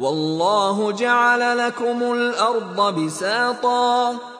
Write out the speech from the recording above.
وَاللَّهُ جَعَلَ لَكُمُ الْأَرْضَ بِسَاطًا